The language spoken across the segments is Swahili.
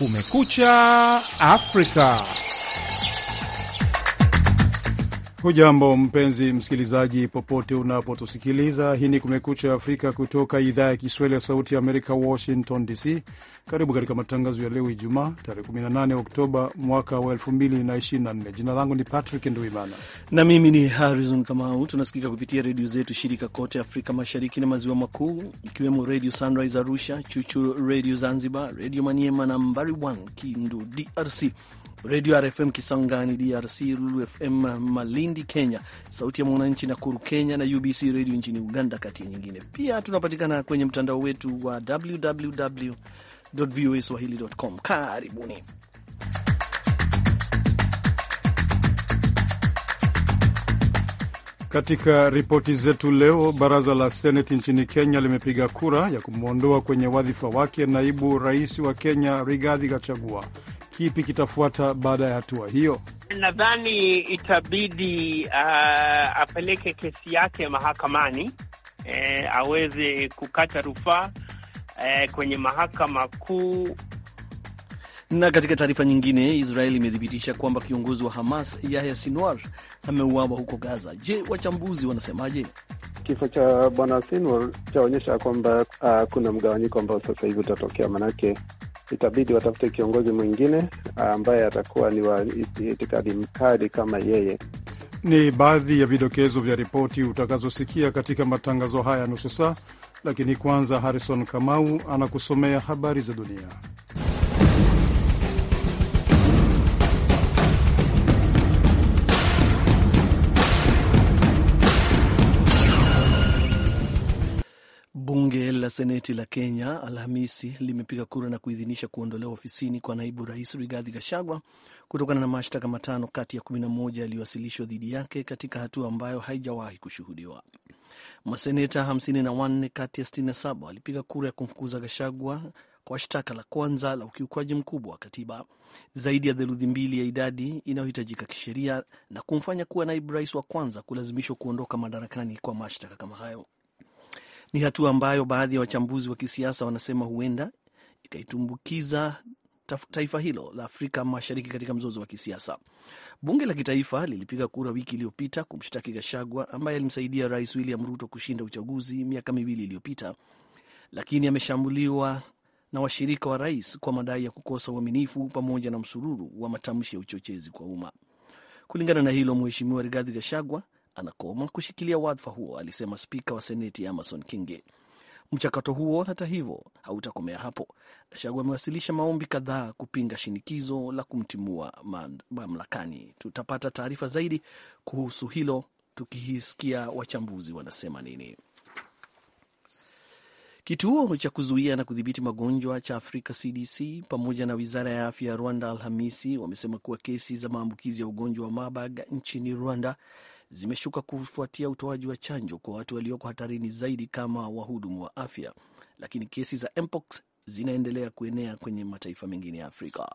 Kumekucha Afrika. Hujambo mpenzi msikilizaji, popote unapotusikiliza. Hii ni Kumekucha Afrika kutoka idhaa ya Kiswahili ya Sauti ya Amerika, Washington DC. Karibu katika matangazo ya leo Ijumaa, tarehe 18 Oktoba mwaka wa 2024. Jina langu ni Patrick Nduimana na mimi ni Harrison Kamau. Tunasikika kupitia redio zetu shirika kote Afrika Mashariki na Maziwa Makuu, ikiwemo Redio Sunrise Arusha, Chuchu Redio Zanzibar, Redio Maniema na Mbari 1 Kindu DRC, Redio RFM Kisangani DRC, Lulu FM Malindi Kenya, Sauti ya Mwananchi Nakuru Kenya na UBC Redio nchini Uganda, kati ya nyingine. Pia tunapatikana kwenye mtandao wetu wa www voa swahili.com. Karibuni. Katika ripoti zetu leo, baraza la seneti nchini Kenya limepiga kura ya kumwondoa kwenye wadhifa wake naibu rais wa Kenya Rigathi Gachagua kipi kitafuata baada ya hatua hiyo? Nadhani itabidi uh, apeleke kesi yake mahakamani eh, aweze kukata rufaa eh, kwenye mahakama kuu. Na katika taarifa nyingine, Israeli imethibitisha kwamba kiongozi wa Hamas Yahya Sinwar ameuawa huko Gaza. Je, wachambuzi wanasemaje? Kifo cha bwana Sinwar chaonyesha kwamba uh, kuna mgawanyiko ambao sasa hivi utatokea, manake itabidi watafute kiongozi mwingine ambaye atakuwa ni wa itikadi mkali kama yeye. Ni baadhi ya vidokezo vya ripoti utakazosikia katika matangazo haya nusu saa, lakini kwanza Harrison Kamau anakusomea habari za dunia. Seneti la Kenya Alhamisi limepiga kura na kuidhinisha kuondolewa ofisini kwa naibu rais Rigathi Gachagua kutokana na mashtaka matano kati ya 11 yaliyowasilishwa dhidi yake katika hatua ambayo haijawahi kushuhudiwa. Maseneta 54 kati ya 67 walipiga kura ya kumfukuza Gachagua kwa shtaka la kwanza la ukiukwaji mkubwa wa katiba, zaidi ya theluthi mbili ya idadi inayohitajika kisheria, na kumfanya kuwa naibu rais wa kwanza kulazimishwa kuondoka madarakani kwa mashtaka kama hayo. Ni hatua ambayo baadhi ya wa wachambuzi wa kisiasa wanasema huenda ikaitumbukiza taifa hilo la Afrika Mashariki katika mzozo wa kisiasa. Bunge la kitaifa lilipiga kura wiki iliyopita kumshtaki Gashagwa ambaye alimsaidia Rais William Ruto kushinda uchaguzi miaka miwili iliyopita, lakini ameshambuliwa na washirika wa rais kwa madai ya kukosa uaminifu pamoja na msururu wa matamshi ya uchochezi kwa umma. Kulingana na hilo, Mheshimiwa Rigathi Gashagwa anakoma kushikilia wadhifa huo, alisema spika wa seneti Amason Kinge. Mchakato huo hata hivyo hautakomea hapo. Gachagua amewasilisha maombi kadhaa kupinga shinikizo la kumtimua mamlakani. Tutapata taarifa zaidi kuhusu hilo tukisikia wachambuzi wanasema nini. Kituo cha kuzuia na kudhibiti magonjwa cha Afrika CDC pamoja na wizara ya afya ya Rwanda Alhamisi wamesema kuwa kesi za maambukizi ya ugonjwa wa Marburg nchini Rwanda zimeshuka kufuatia utoaji wa chanjo kwa watu walioko hatarini zaidi kama wahudumu wa afya, lakini kesi za mpox zinaendelea kuenea kwenye mataifa mengine ya Afrika.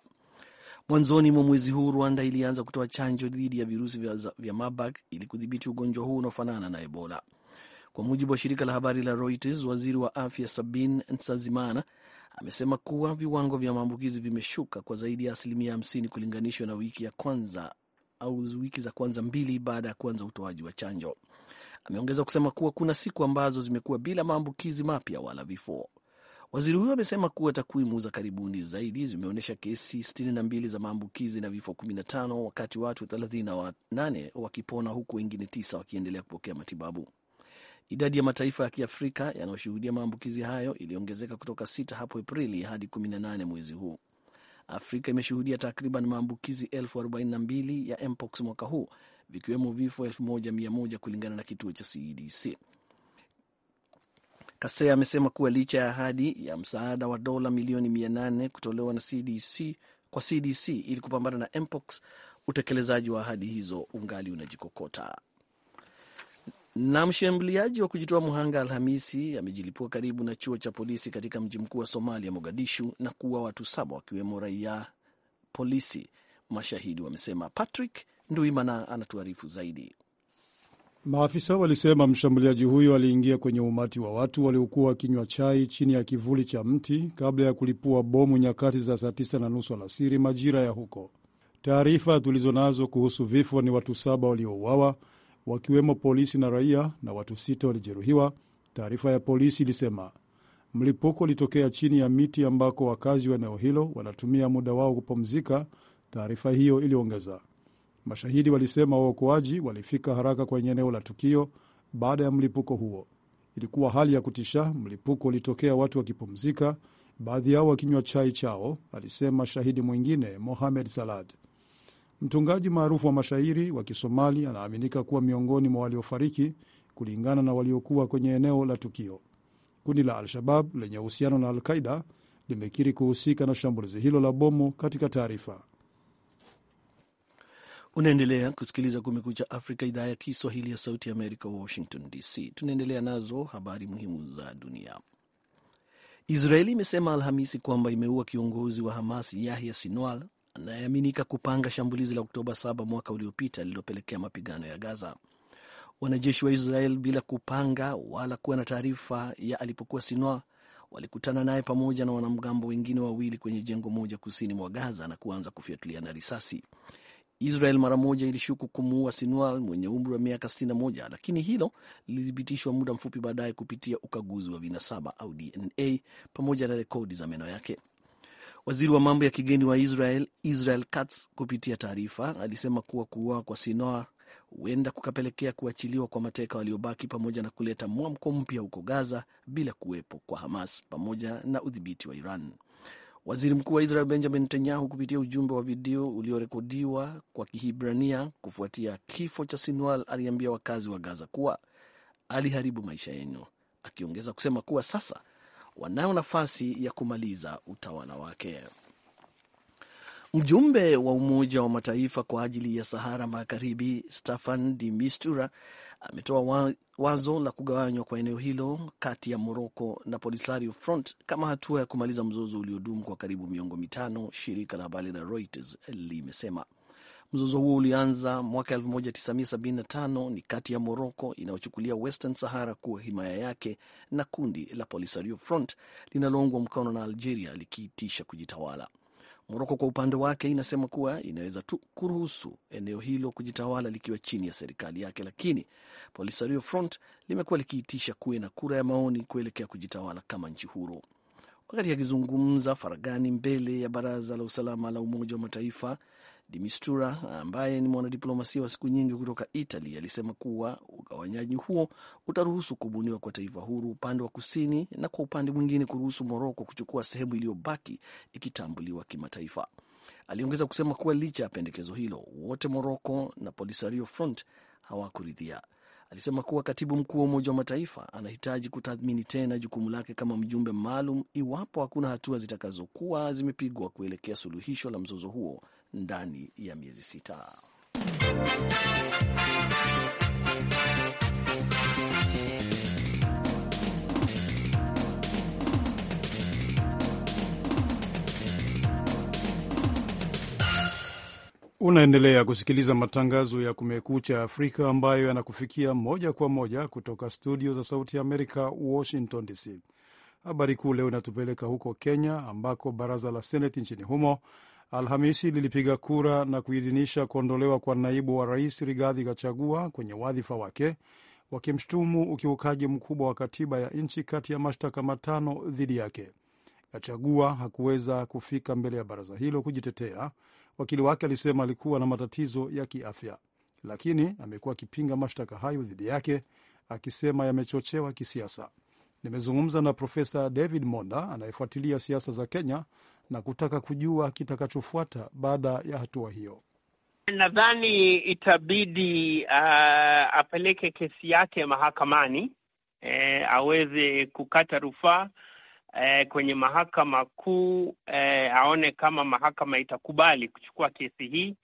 Mwanzoni mwa mwezi huu Rwanda ilianza kutoa chanjo dhidi ya virusi vya, vya Marburg ili kudhibiti ugonjwa huu unaofanana na Ebola. Kwa mujibu wa shirika la habari la Reuters, waziri wa afya Sabin Nsazimana amesema kuwa viwango vya maambukizi vimeshuka kwa zaidi ya asilimia 50 kulinganishwa na wiki ya kwanza au wiki za kwanza mbili baada ya kuanza utoaji wa chanjo. Ameongeza kusema kuwa kuna siku ambazo zimekuwa bila maambukizi mapya wala vifo. Waziri huyo amesema kuwa takwimu za karibuni zaidi zimeonyesha kesi 62 za maambukizi na vifo 15 wakati watu 38 wakipona huku wengine tisa wakiendelea kupokea matibabu. Idadi ya mataifa ya Kiafrika yanayoshuhudia maambukizi hayo iliongezeka kutoka sita hapo Aprili hadi 18 mwezi huu. Afrika imeshuhudia takriban maambukizi elfu 42 ya mpox mwaka huu vikiwemo vifo 1100 kulingana na kituo cha CDC. Kasea amesema kuwa licha ya ahadi ya msaada wa dola milioni 800 kutolewa na CDC kwa CDC ili kupambana na mpox, utekelezaji wa ahadi hizo ungali unajikokota. Na mshambuliaji wa kujitoa mhanga Alhamisi amejilipua karibu na chuo cha polisi katika mji mkuu wa Somalia, Mogadishu, na kuua watu saba wakiwemo raia polisi, mashahidi wamesema. Patrick Nduimana anatuarifu zaidi. Maafisa walisema mshambuliaji huyo aliingia kwenye umati wa watu waliokuwa wakinywa chai chini ya kivuli cha mti kabla ya kulipua bomu nyakati za saa tisa na nusu alasiri majira ya huko. Taarifa tulizo nazo kuhusu vifo ni watu saba waliouawa wakiwemo polisi na raia na watu sita walijeruhiwa. Taarifa ya polisi ilisema mlipuko ulitokea chini ya miti ambako wakazi wa eneo hilo wanatumia muda wao kupumzika, taarifa hiyo iliongeza. Mashahidi walisema waokoaji walifika haraka kwenye eneo la tukio baada ya mlipuko huo. Ilikuwa hali ya kutisha, mlipuko ulitokea watu wakipumzika, baadhi yao wakinywa chai chao, alisema shahidi mwingine Mohamed Salad. Mtungaji maarufu wa mashairi wa Kisomali anaaminika kuwa miongoni mwa waliofariki kulingana na waliokuwa kwenye eneo la tukio. Kundi la Al-Shabab lenye uhusiano na Al-Qaida limekiri kuhusika na shambulizi hilo la bomu katika taarifa. Unaendelea kusikiliza Kumekucha Afrika, idhaa ya Kiswahili ya Sauti ya Amerika, Washington DC. Tunaendelea nazo habari muhimu za dunia. Israeli imesema Alhamisi kwamba imeua kiongozi wa Hamas Yahya Sinwar anayeaminika kupanga shambulizi la Oktoba 7 mwaka uliopita lililopelekea mapigano ya Gaza. Wanajeshi wa Israel bila kupanga wala kuwa na taarifa ya alipokuwa Sinwar walikutana naye pamoja na wanamgambo wengine wawili kwenye jengo moja kusini mwa Gaza na kuanza kufyatuliana risasi. Israel mara moja ilishuku kumuua Sinwar mwenye umri wa miaka 61, lakini hilo lilithibitishwa muda mfupi baadaye kupitia ukaguzi wa vinasaba au DNA pamoja na rekodi za meno yake. Waziri wa mambo ya kigeni wa Israel Israel Katz kupitia taarifa alisema kuwa kuuawa kwa sinoa huenda kukapelekea kuachiliwa kwa mateka waliobaki pamoja na kuleta mwamko mpya huko Gaza bila kuwepo kwa Hamas pamoja na udhibiti wa Iran. Waziri mkuu wa Israel Benjamin Netanyahu kupitia ujumbe wa video uliorekodiwa kwa Kihibrania kufuatia kifo cha Sinwal, aliambia wakazi wa Gaza kuwa aliharibu maisha yenu, akiongeza kusema kuwa sasa wanayo nafasi ya kumaliza utawala wake. Mjumbe wa Umoja wa Mataifa kwa ajili ya Sahara Magharibi Staffan de Mistura ametoa wazo la kugawanywa kwa eneo hilo kati ya Moroko na Polisario Front kama hatua ya kumaliza mzozo uliodumu kwa karibu miongo mitano, shirika la habari la Reuters limesema. Mzozo huo ulianza mwaka 1975 ni kati ya Moroko inayochukulia Western Sahara kuwa himaya yake na kundi la Polisario Front linaloungwa mkono na Algeria likiitisha kujitawala. Moroko kwa upande wake inasema kuwa inaweza tu kuruhusu eneo hilo kujitawala likiwa chini ya serikali yake, lakini Polisario Front limekuwa likiitisha kuwe na kura ya maoni kuelekea kujitawala kama nchi huru. Wakati akizungumza faragani mbele ya Baraza la Usalama la Umoja wa Mataifa Dimistura ambaye ni mwanadiplomasia wa siku nyingi kutoka itali alisema kuwa ugawanyaji huo utaruhusu kubuniwa kwa taifa huru upande wa kusini na kwa upande mwingine kuruhusu Moroko kuchukua sehemu iliyobaki ikitambuliwa kimataifa. Aliongeza kusema kuwa licha ya pendekezo hilo, wote Moroko na Polisario Front hawakuridhia. Alisema kuwa katibu mkuu wa Umoja wa Mataifa anahitaji kutathmini tena jukumu lake kama mjumbe maalum iwapo hakuna hatua zitakazokuwa zimepigwa kuelekea suluhisho la mzozo huo ndani ya miezi sita. Unaendelea kusikiliza matangazo ya Kumekucha Afrika ambayo yanakufikia moja kwa moja kutoka studio za Sauti ya Amerika, Washington DC. Habari kuu leo inatupeleka huko Kenya, ambako baraza la Seneti nchini humo Alhamisi lilipiga kura na kuidhinisha kuondolewa kwa naibu wa rais Rigathi Gachagua kwenye wadhifa wake, wakimshutumu ukiukaji mkubwa wa katiba ya nchi kati ya mashtaka matano dhidi yake. Gachagua hakuweza kufika mbele ya baraza hilo kujitetea. Wakili wake alisema alikuwa na matatizo ya kiafya, lakini amekuwa akipinga mashtaka hayo dhidi yake akisema yamechochewa kisiasa. Nimezungumza na Profesa David Monda anayefuatilia siasa za Kenya na kutaka kujua kitakachofuata baada ya hatua hiyo. Nadhani itabidi uh, apeleke kesi yake mahakamani eh, aweze kukata rufaa eh, kwenye mahakama kuu eh, aone kama mahakama itakubali kuchukua kesi hii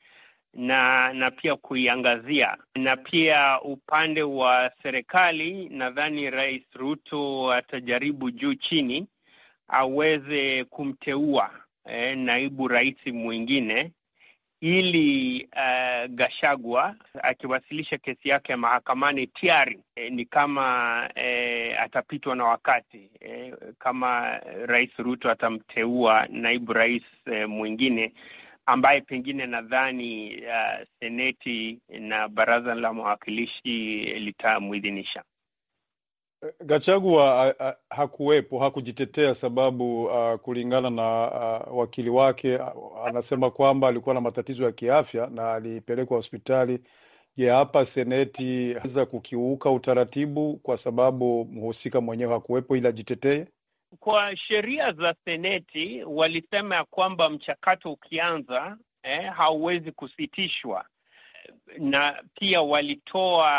na na pia kuiangazia. Na pia upande wa serikali, nadhani Rais Ruto atajaribu juu chini aweze kumteua eh, naibu rais mwingine ili uh, eh, Gashagwa akiwasilisha kesi yake mahakamani tiari eh, ni kama eh, atapitwa na wakati eh, kama Rais Ruto atamteua naibu rais eh, mwingine ambaye pengine nadhani uh, seneti na baraza la mawakilishi litamwidhinisha. Gachagua hakuwepo, hakujitetea sababu uh, kulingana na uh, wakili wake uh, anasema kwamba alikuwa na matatizo ya kiafya na alipelekwa hospitali. Je, hapa seneti za kukiuka utaratibu kwa sababu mhusika mwenyewe hakuwepo ili ajitetee? Kwa sheria za seneti walisema ya kwamba mchakato ukianza, eh, hauwezi kusitishwa na pia walitoa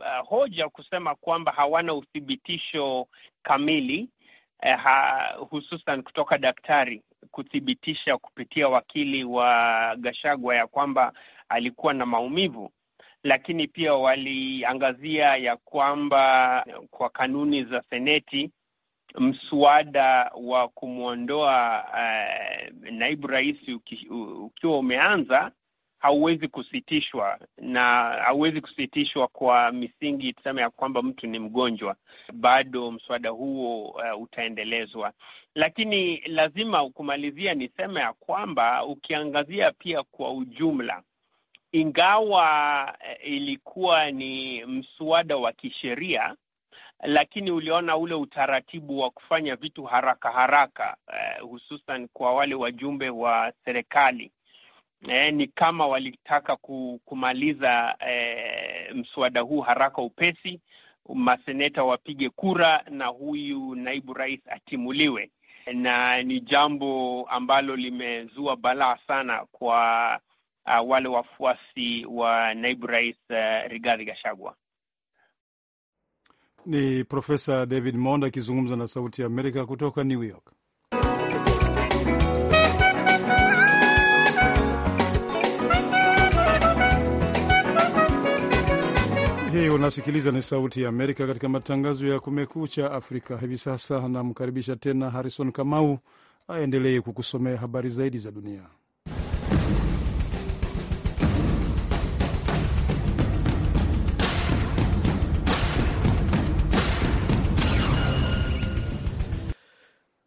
uh, hoja kusema kwamba hawana uthibitisho kamili uh, hususan kutoka daktari kuthibitisha kupitia wakili wa Gashagwa ya kwamba alikuwa na maumivu, lakini pia waliangazia ya kwamba kwa kanuni za Seneti mswada wa kumwondoa uh, naibu rais uki, ukiwa umeanza hauwezi kusitishwa na hauwezi kusitishwa kwa misingi tuseme ya kwamba mtu ni mgonjwa. Bado mswada huo uh, utaendelezwa, lakini lazima kumalizia, niseme ya kwamba ukiangazia pia kwa ujumla, ingawa uh, ilikuwa ni mswada wa kisheria lakini uliona ule utaratibu wa kufanya vitu haraka haraka, uh, hususan kwa wale wajumbe wa serikali eh, ni kama walitaka kumaliza eh, mswada huu haraka upesi, maseneta wapige kura na huyu naibu rais atimuliwe, na ni jambo ambalo limezua balaa sana kwa uh, wale wafuasi wa naibu rais uh, Rigathi Gachagua. Ni Profesa David Monda akizungumza na Sauti ya Amerika kutoka New York. hii unasikiliza ni Sauti ya Amerika katika matangazo ya Kumekucha Afrika. Hivi sasa namkaribisha tena Harrison Kamau aendelee kukusomea habari zaidi za dunia.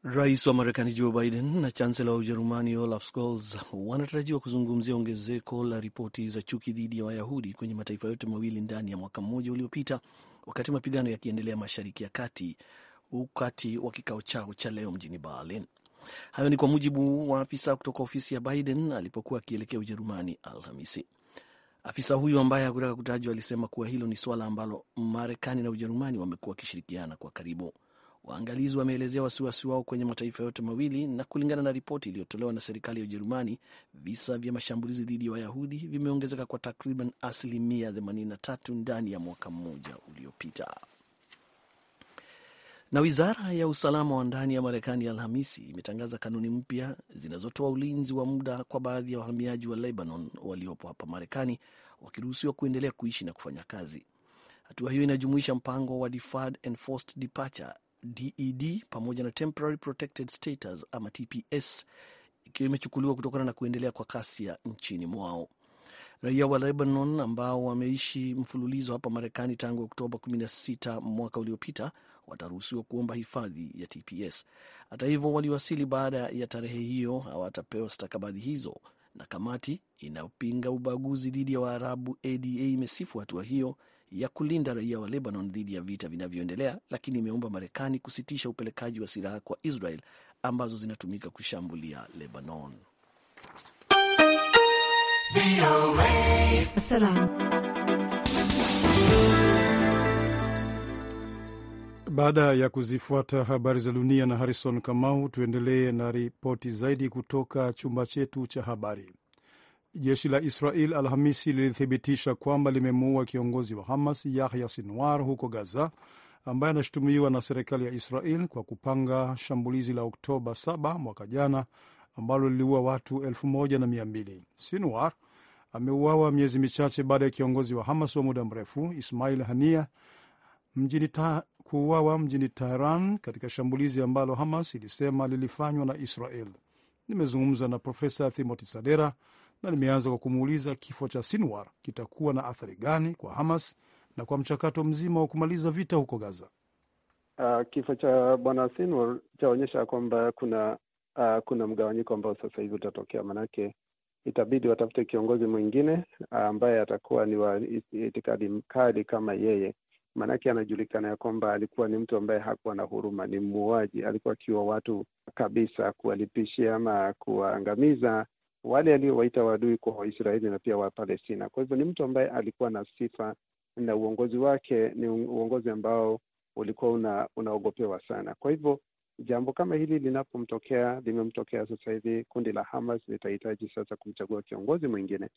Rais wa Marekani Joe Biden na chansela wa Ujerumani Olaf Scholz wanatarajiwa kuzungumzia ongezeko la ripoti za chuki dhidi ya Wayahudi kwenye mataifa yote mawili ndani ya mwaka mmoja uliopita, wakati mapigano yakiendelea mashariki ya kati, wakati wa kikao chao cha leo mjini Berlin. Hayo ni kwa mujibu wa afisa kutoka ofisi ya Biden alipokuwa akielekea Ujerumani Alhamisi. Afisa huyu ambaye hakutaka kutajwa alisema kuwa hilo ni suala ambalo Marekani na Ujerumani wamekuwa wakishirikiana kwa karibu. Waangalizi wameelezea wasiwasi wao kwenye mataifa yote mawili, na kulingana na ripoti iliyotolewa na serikali ya Ujerumani, visa vya mashambulizi dhidi ya Wayahudi vimeongezeka kwa takriban asilimia 83 ndani ya mwaka mmoja uliopita. Na wizara ya usalama wa ndani ya Marekani Alhamisi imetangaza kanuni mpya zinazotoa ulinzi wa muda kwa baadhi ya wahamiaji wa Lebanon waliopo hapa Marekani, wakiruhusiwa kuendelea kuishi na kufanya kazi. Hatua hiyo inajumuisha mpango wa Deferred Departure DED e pamoja na Temporary Protected Status ama TPS ikiwa imechukuliwa kutokana na kuendelea kwa kasia nchini mwao. Raia wa Lebanon ambao wameishi mfululizo hapa Marekani tangu Oktoba 16 mwaka uliopita wataruhusiwa kuomba hifadhi ya TPS. Hata hivyo, waliwasili baada ya tarehe hiyo hawatapewa stakabadhi hizo, na kamati inayopinga ubaguzi dhidi ya Waarabu ADA imesifu hatua hiyo ya kulinda raia wa Lebanon dhidi ya vita vinavyoendelea, lakini imeomba Marekani kusitisha upelekaji wa silaha kwa Israel ambazo zinatumika kushambulia Lebanon. Baada ya kuzifuata habari za dunia na Harrison Kamau, tuendelee na ripoti zaidi kutoka chumba chetu cha habari. Jeshi la Israel Alhamisi lilithibitisha kwamba limemuua kiongozi wa Hamas Yahya Sinwar huko Gaza, ambaye anashutumiwa na serikali ya Israel kwa kupanga shambulizi la Oktoba 7 mwaka jana ambalo liliua watu 1200. Sinwar ameuawa miezi michache baada ya kiongozi wa Hamas wa muda mrefu Ismail Hania mjini ta, kuuawa mjini Tehran katika shambulizi ambalo Hamas ilisema lilifanywa na Israel. Nimezungumza na Profesa Timothy Sadera na limeanza kwa kumuuliza kifo cha Sinwar kitakuwa na athari gani kwa Hamas na kwa mchakato mzima wa kumaliza vita huko Gaza. Uh, kifo cha bwana Sinwar chaonyesha kwamba kuna uh, kuna mgawanyiko ambao sasa hivi utatokea, manake itabidi watafute kiongozi mwingine ah, ambaye atakuwa ni wa itikadi mkali kama yeye, maanake anajulikana ya kwamba alikuwa ni mtu ambaye hakuwa na huruma, ni muuaji, alikuwa akiwa watu kabisa, kuwalipishia ama kuwaangamiza wale aliowaita waadui kwa Waisraeli na pia Wapalestina. Kwa hivyo ni mtu ambaye alikuwa na sifa na uongozi wake ni uongozi ambao ulikuwa una, unaogopewa sana. Kwa hivyo jambo kama hili linapomtokea, limemtokea sasa hivi, kundi la Hamas litahitaji sasa kumchagua kiongozi mwingine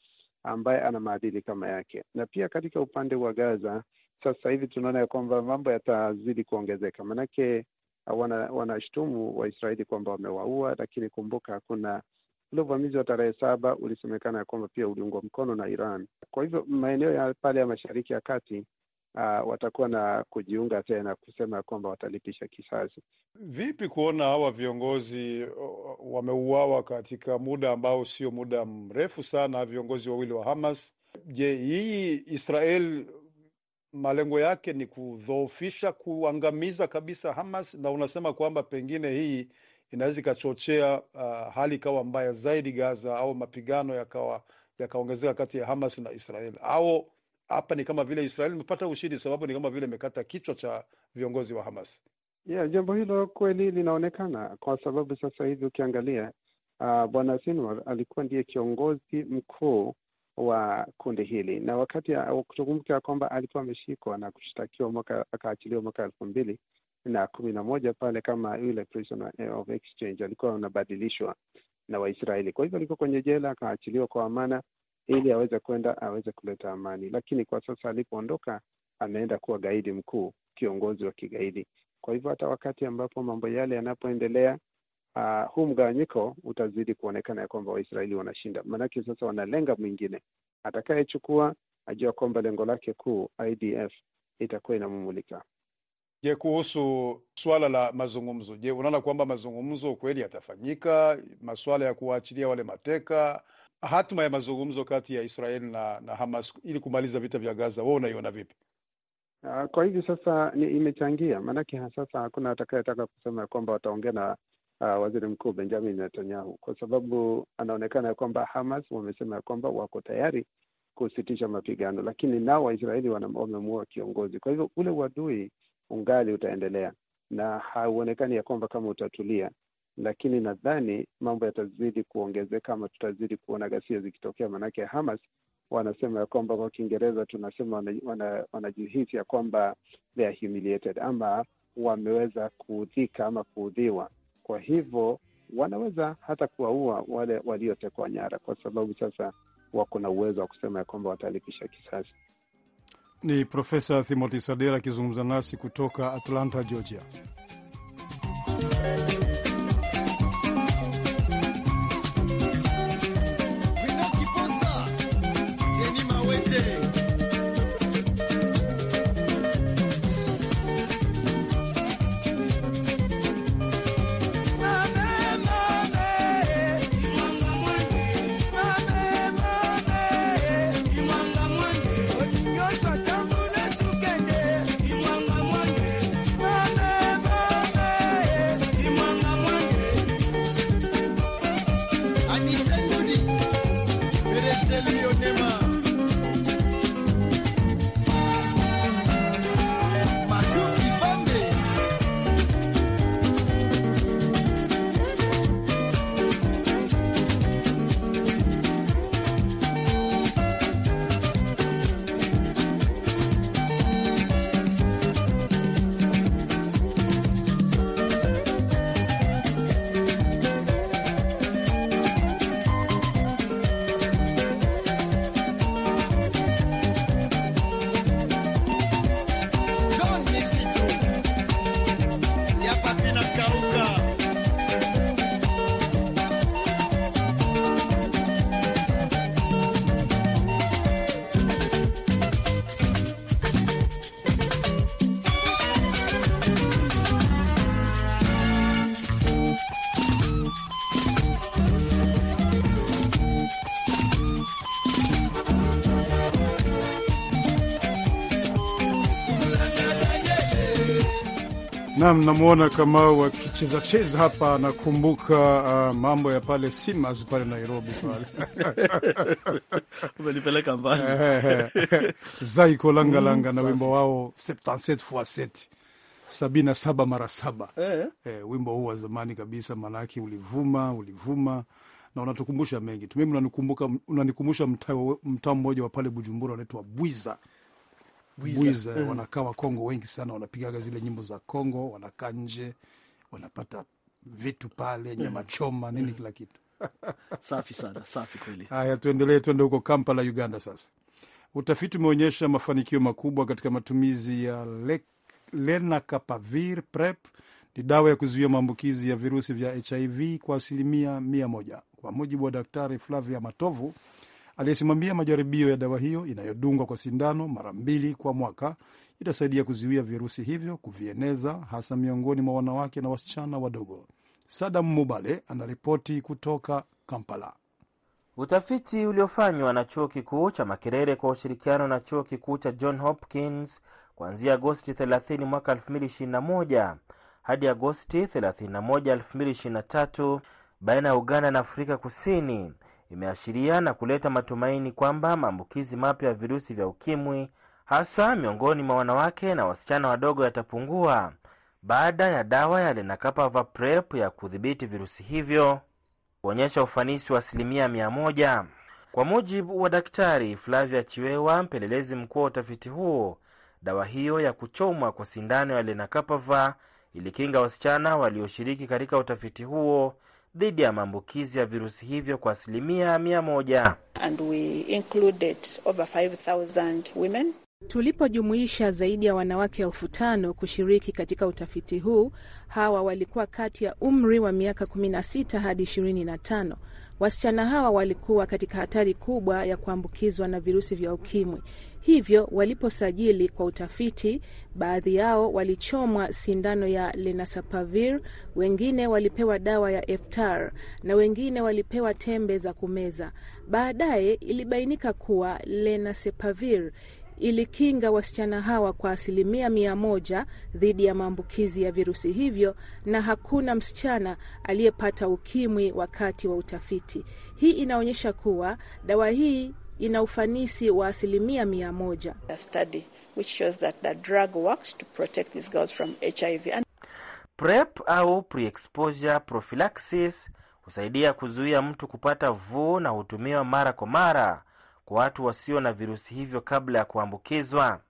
ambaye ana maadili kama yake. Na pia katika upande wa Gaza sasa hivi tunaona ya kwamba mambo yatazidi kuongezeka, manake wanashtumu wana Waisraeli kwamba wamewaua, lakini kumbuka kuna Ule uvamizi wa tarehe saba ulisemekana ya kwamba pia uliungwa mkono na Iran. Kwa hivyo maeneo ya pale ya Mashariki ya Kati Uh, watakuwa na kujiunga tena kusema ya kwamba watalipisha kisasi. Vipi kuona hawa viongozi wameuawa katika muda ambao sio muda mrefu sana, viongozi wawili wa Hamas? Je, hii Israel malengo yake ni kudhoofisha, kuangamiza kabisa Hamas? Na unasema kwamba pengine hii inaweza ikachochea uh, hali ikawa mbaya zaidi Gaza, au mapigano yakawa yakaongezeka kati ya Hamas na Israel, au hapa ni kama vile Israel imepata ushindi, sababu ni kama vile imekata kichwa cha viongozi wa Hamas. Yeah, jambo hilo kweli linaonekana kwa sababu sasa hivi ukiangalia, uh, bwana Sinwar alikuwa ndiye kiongozi mkuu wa kundi hili, na wakati uh, kutukumbuka kwamba alikuwa ameshikwa na kushtakiwa mwaka akaachiliwa mwaka elfu mbili na kumi na moja pale kama yule prisoner eh, of exchange alikuwa anabadilishwa na Waisraeli. Kwa hivyo alikuwa kwenye jela, akaachiliwa kwa amana ili aweze kwenda aweze kuleta amani, lakini kwa sasa alipoondoka, ameenda kuwa gaidi mkuu, kiongozi wa kigaidi. Kwa hivyo hata wakati ambapo mambo yale yanapoendelea, uh, huu mgawanyiko utazidi kuonekana ya kwamba Waisraeli wanashinda, maanake sasa wanalenga mwingine atakayechukua, ajua kwamba lengo lake kuu IDF itakuwa inamumulika. Je, kuhusu swala la mazungumzo, je, unaona kwamba mazungumzo kweli yatafanyika? Masuala ya kuwaachilia wale mateka, hatima ya mazungumzo kati ya Israeli na, na Hamas ili kumaliza vita vya Gaza, wewe unaiona vipi? Ah, kwa hivi sasa ni imechangia, maanake sasa hakuna atakayetaka kusema ya kwamba wataongea na uh, waziri mkuu Benjamin Netanyahu kwa sababu anaonekana ya kwamba Hamas wamesema ya kwamba wako tayari kusitisha mapigano, lakini nao Waisraeli wamemua kiongozi. Kwa hivyo ule uadui ungali utaendelea na hauonekani ya kwamba kama utatulia, lakini nadhani mambo yatazidi kuongezeka ama tutazidi kuona ghasia zikitokea, maanake Hamas wanasema ya kwamba kwa Kiingereza tunasema wanajihisi wana, wana ya kwamba they are humiliated ama wameweza kuudhika ama kuudhiwa. Kwa hivyo wanaweza hata kuwaua wale waliotekwa nyara, kwa sababu sasa wako na uwezo wa kusema ya kwamba watalipisha kisasi. Ni Profesa Timothy Sadera akizungumza nasi kutoka Atlanta, Georgia. Nam, namwona Kamau cheza hapa, anakumbuka uh, mambo ya pale Simas pale Nairobi pale umenipeleka mbali Zaiko Langalanga mm, na wimbo wao 77 fois 7 sabini na saba mara saba eh. eh wimbo huu wa zamani kabisa, maanake ulivuma ulivuma na unatukumbusha mengi. Mimi unanikumbusha mtaa mmoja wa pale Bujumbura unaitwa Bwiza Bwiza eh, mm. Wanakaa Wakongo wengi sana, wanapigaga zile nyimbo za Kongo, wanakaa nje, wanapata vitu pale, mm. nyama choma mm. nini, kila kitu safi sana, safi kweli. Haya, tuendelee, tuende huko Kampala, Uganda. Sasa utafiti umeonyesha mafanikio makubwa katika matumizi ya lenakapavir lenacapavir PrEP ni dawa ya kuzuia maambukizi ya virusi vya HIV kwa asilimia mia moja, kwa mujibu wa Daktari Flavia Matovu aliyesimamia majaribio ya dawa hiyo inayodungwa kwa sindano mara mbili kwa mwaka itasaidia kuzuia virusi hivyo kuvieneza hasa miongoni mwa wanawake na wasichana wadogo. Sadam Mubale anaripoti kutoka Kampala. Utafiti uliofanywa na chuo kikuu cha Makerere kwa ushirikiano na chuo kikuu cha John Hopkins kuanzia Agosti 30 mwaka 2021 hadi Agosti 31, 2023 baina ya Uganda na Afrika Kusini imeashiria na kuleta matumaini kwamba maambukizi mapya ya virusi vya ukimwi hasa miongoni mwa wanawake na wasichana wadogo yatapungua baada ya dawa ya Lenacapavir PrEP ya kudhibiti virusi hivyo kuonyesha ufanisi wa asilimia mia Kwa mujibu wa Daktari Flavia Chiwewa, mpelelezi mkuu wa utafiti huo, dawa hiyo ya kuchomwa kwa sindano ya Lenacapavir ilikinga wasichana walioshiriki katika utafiti huo dhidi ya maambukizi ya virusi hivyo kwa asilimia mia moja. And we included over 5,000 women. Tulipojumuisha zaidi ya wanawake elfu tano kushiriki katika utafiti huu, hawa walikuwa kati ya umri wa miaka 16 hadi 25 Wasichana hawa walikuwa katika hatari kubwa ya kuambukizwa na virusi vya ukimwi. Hivyo waliposajili kwa utafiti, baadhi yao walichomwa sindano ya lenacapavir, wengine walipewa dawa ya Eftar na wengine walipewa tembe za kumeza. Baadaye ilibainika kuwa lenacapavir ilikinga wasichana hawa kwa asilimia mia moja dhidi ya maambukizi ya virusi hivyo na hakuna msichana aliyepata ukimwi wakati wa utafiti. Hii inaonyesha kuwa dawa hii ina ufanisi wa asilimia mia moja. PrEP au pre-exposure prophylaxis husaidia kuzuia mtu kupata VVU na hutumiwa mara kwa mara kwa watu wasio na virusi hivyo kabla ya kuambukizwa.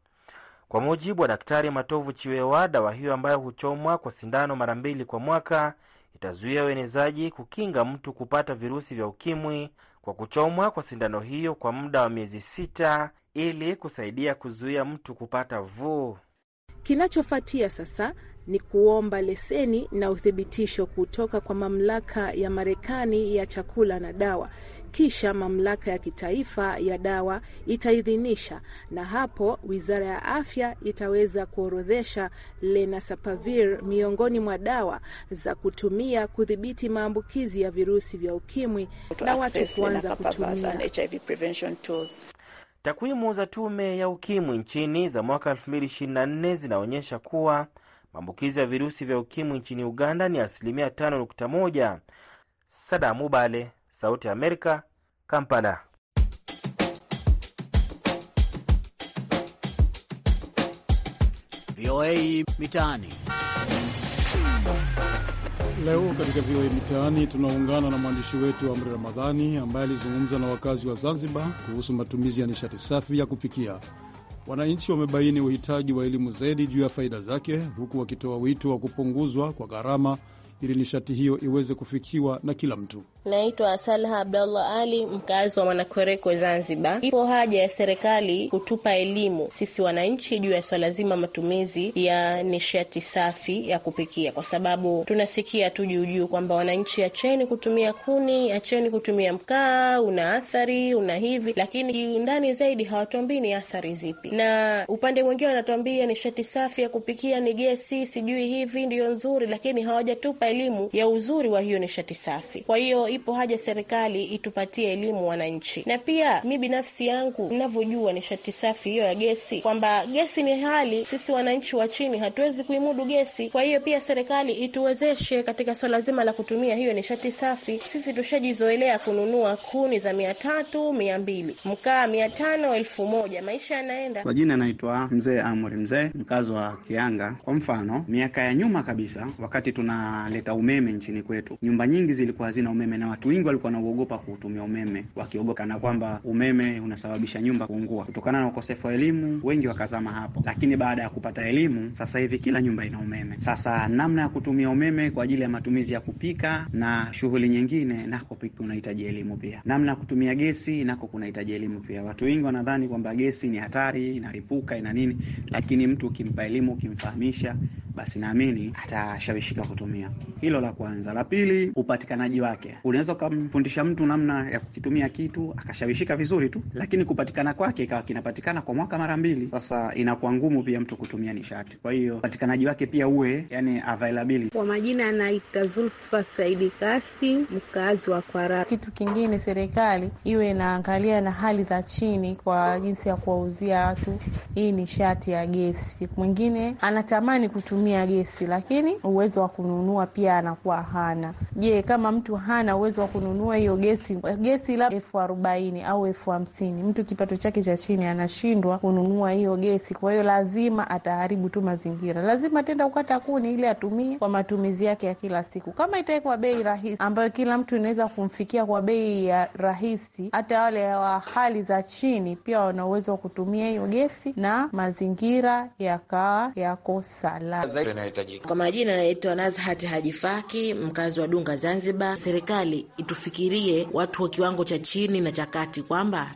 Kwa mujibu wa Daktari Matovu Chiwewa, dawa hiyo ambayo huchomwa kwa sindano mara mbili kwa mwaka itazuia uenezaji, kukinga mtu kupata virusi vya ukimwi kwa kuchomwa kwa sindano hiyo kwa muda wa miezi sita ili kusaidia kuzuia mtu kupata vuu Kinachofuatia sasa ni kuomba leseni na uthibitisho kutoka kwa mamlaka ya Marekani ya chakula na dawa kisha Mamlaka ya Kitaifa ya Dawa itaidhinisha na hapo Wizara ya Afya itaweza kuorodhesha Lenacapavir miongoni mwa dawa za kutumia kudhibiti maambukizi ya virusi vya ukimwi na watu kuanza kutumia. Takwimu za Tume ya Ukimwi nchini za mwaka 2024 zinaonyesha kuwa maambukizi ya virusi vya ukimwi nchini Uganda ni asilimia 5.1. Sadamu Bale Sauti ya Amerika, Kampala. VOA Mitaani. Leo katika VOA Mitaani tunaungana na mwandishi wetu Amri Ramadhani ambaye alizungumza na wakazi wa Zanzibar kuhusu matumizi ya nishati safi ya kupikia. Wananchi wamebaini uhitaji wa elimu zaidi juu ya faida zake, huku wakitoa wito wa kupunguzwa kwa gharama ili nishati hiyo iweze kufikiwa na kila mtu. Naitwa Salha Abdallah Ali, mkazi wa Mwanakwerekwe, Zanzibar. Ipo haja ya serikali kutupa elimu sisi wananchi juu ya swala zima matumizi ya nishati safi ya kupikia, kwa sababu tunasikia tu juujuu kwamba wananchi, acheni kutumia kuni, acheni kutumia mkaa, una athari, una hivi, lakini ndani zaidi hawatuambii ni athari zipi, na upande mwingine wanatuambia nishati safi ya kupikia ni gesi, sijui hivi ndiyo nzuri, lakini hawajatupa elimu ya uzuri wa hiyo nishati safi. Kwa hiyo ipo haja serikali itupatie elimu wananchi, na pia mi binafsi yangu ninavyojua nishati safi hiyo ya gesi, kwamba gesi ni hali, sisi wananchi wa chini hatuwezi kuimudu gesi. Kwa hiyo pia serikali ituwezeshe katika swala zima la kutumia hiyo nishati safi. Sisi tushajizoelea kununua kuni za mia tatu mia mbili mkaa mia tano elfu moja maisha yanaenda. Kwa jina anaitwa Mzee Amuri Mzee, mkazi wa Kianga. Kwa mfano miaka ya nyuma kabisa, wakati tuna kuleta umeme nchini kwetu. Nyumba nyingi zilikuwa hazina umeme na watu wengi walikuwa wanauogopa kuutumia umeme, wakiogopa na kwamba umeme unasababisha nyumba kuungua. Kutokana na ukosefu wa elimu, wengi wakazama hapo, lakini baada ya kupata elimu, sasa hivi kila nyumba ina umeme. Sasa namna ya kutumia umeme kwa ajili ya matumizi ya kupika na shughuli nyingine, nako kunahitaji elimu pia. Namna ya kutumia gesi nako kunahitaji elimu pia. Watu wengi wanadhani kwamba gesi ni hatari, inaripuka, ina nini, lakini mtu ukimpa elimu, ukimfahamisha, basi naamini atashawishika kutumia. Hilo la kwanza. La pili, upatikanaji wake. Unaweza ukamfundisha mtu namna ya kukitumia kitu akashawishika vizuri tu, lakini kupatikana kwake ikawa kinapatikana kwa mwaka mara mbili, sasa inakuwa ngumu pia mtu kutumia nishati. Kwa hiyo upatikanaji wake pia uwe yani availability. Kwa majina anaita Zulfa Saidi Kasi, mkazi wa Kwara. Kitu kingine serikali iwe inaangalia na hali za chini kwa jinsi ya kuwauzia watu hii nishati ya gesi. Mwingine anatamani kutumia gesi, lakini uwezo wa kununua pia anakuwa hana. Je, kama mtu hana uwezo wa kununua hiyo gesi, gesi la elfu arobaini au elfu hamsini mtu kipato chake cha chini anashindwa kununua hiyo gesi, kwa hiyo lazima ataharibu tu mazingira, lazima atenda kukata kuni ili atumie kwa matumizi yake ya kila siku. Kama itawekwa bei rahisi ambayo kila mtu inaweza kumfikia kwa bei ya rahisi, hata wale wa hali za chini pia wana uwezo wa kutumia hiyo gesi na mazingira yakawa yako salama. Kwa majina anaitwa Nazhati Haji. Jifaki, mkazi wa Dunga, Zanzibar. Serikali itufikirie watu wa kiwango cha chini na cha kati, kwamba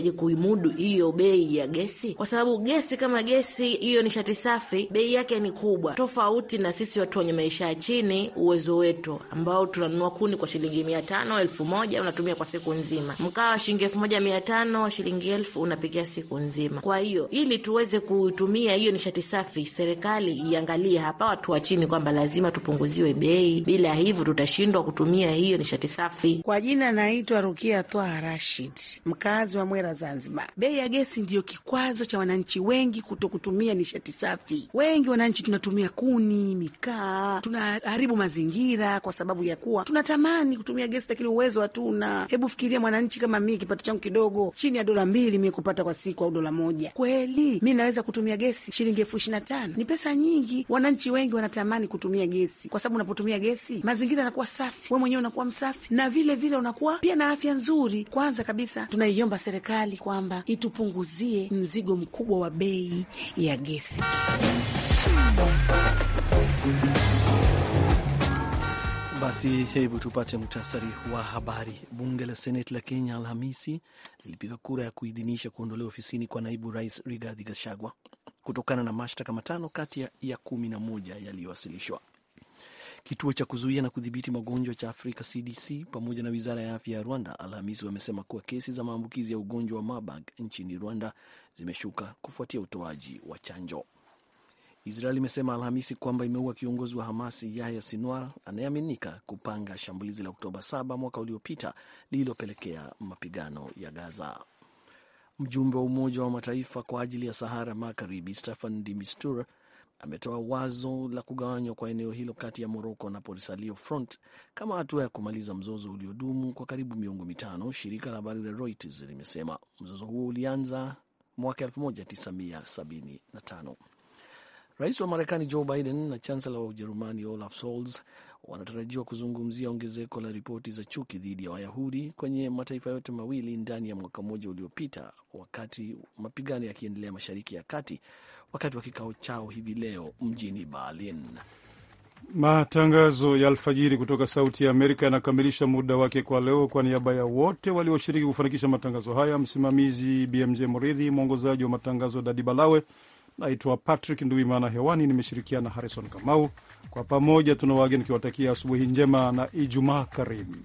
je kuimudu hiyo bei ya gesi, kwa sababu gesi kama gesi hiyo nishati safi bei yake ni kubwa, tofauti na sisi watu wenye maisha ya chini, uwezo wetu ambao tunanunua kuni kwa shilingi mia tano elfu moja unatumia kwa siku nzima, mkaa wa shilingi elfu moja mia tano shilingi elfu unapikia siku nzima. Kwa hiyo ili tuweze kuitumia hiyo nishati safi, serikali iangalie hapa watu wa chini kwamba lazima tupunguziwe ipandishiwe bei, bila hivyo tutashindwa kutumia hiyo nishati safi. Kwa jina naitwa Rukia Twaha Rashid, mkazi wa Mwera, Zanzibar. Bei ya gesi ndiyo kikwazo cha wananchi wengi kuto kutumia nishati safi. Wengi wananchi tunatumia kuni, mikaa, tunaharibu mazingira kwa sababu ya kuwa tunatamani kutumia gesi, lakini uwezo hatuna. Hebu fikiria mwananchi kama mimi, kipato changu kidogo, chini ya dola mbili mi kupata kwa siku au dola moja, kweli mi naweza kutumia gesi shilingi elfu ishirini na tano? Ni pesa nyingi. Wananchi wengi wanatamani kutumia gesi kwa sababu unapotumia gesi mazingira yanakuwa safi, we mwenyewe unakuwa msafi na vile vile unakuwa pia na afya nzuri. Kwanza kabisa tunaiomba serikali kwamba itupunguzie mzigo mkubwa wa bei ya gesi. Basi hebu tupate muhtasari wa habari. Bunge la Seneti la Kenya Alhamisi lilipiga kura ya kuidhinisha kuondolewa ofisini kwa naibu rais Rigathi Gachagua kutokana na mashtaka matano kati ya kumi na moja yaliyowasilishwa. Kituo cha kuzuia na kudhibiti magonjwa cha Afrika CDC pamoja na wizara ya afya ya Rwanda Alhamisi wamesema kuwa kesi za maambukizi ya ugonjwa wa Marburg nchini Rwanda zimeshuka kufuatia utoaji wa chanjo. Israel imesema Alhamisi kwamba imeua kiongozi wa Hamasi Yahya Sinwar anayeaminika kupanga shambulizi la Oktoba 7 mwaka uliopita lililopelekea mapigano ya Gaza. Mjumbe wa Umoja wa Mataifa kwa ajili ya Sahara Magharibi Staffan de Mistura ametoa wazo la kugawanywa kwa eneo hilo kati ya Moroko na Polisario Front kama hatua ya kumaliza mzozo uliodumu kwa karibu miongo mitano, shirika la habari la Reuters limesema. Mzozo huo ulianza mwaka 1975. Rais wa Marekani Joe Biden na chansela wa Ujerumani Olaf Scholz wanatarajiwa kuzungumzia ongezeko la ripoti za chuki dhidi ya Wayahudi kwenye mataifa yote mawili ndani ya mwaka mmoja uliopita, wakati mapigano yakiendelea Mashariki ya Kati, wakati wa kikao chao hivi leo mjini Berlin. Matangazo ya alfajiri kutoka Sauti ya Amerika yanakamilisha muda wake kwa leo. Kwa niaba ya wote walioshiriki kufanikisha matangazo haya, msimamizi BMJ Moridhi, mwongozaji wa matangazo Dadi Balawe. Naitwa Patrick Nduimana, hewani nimeshirikiana na Harrison Kamau. Kwa pamoja tuna wageni kiwatakia asubuhi njema na Ijumaa karimu.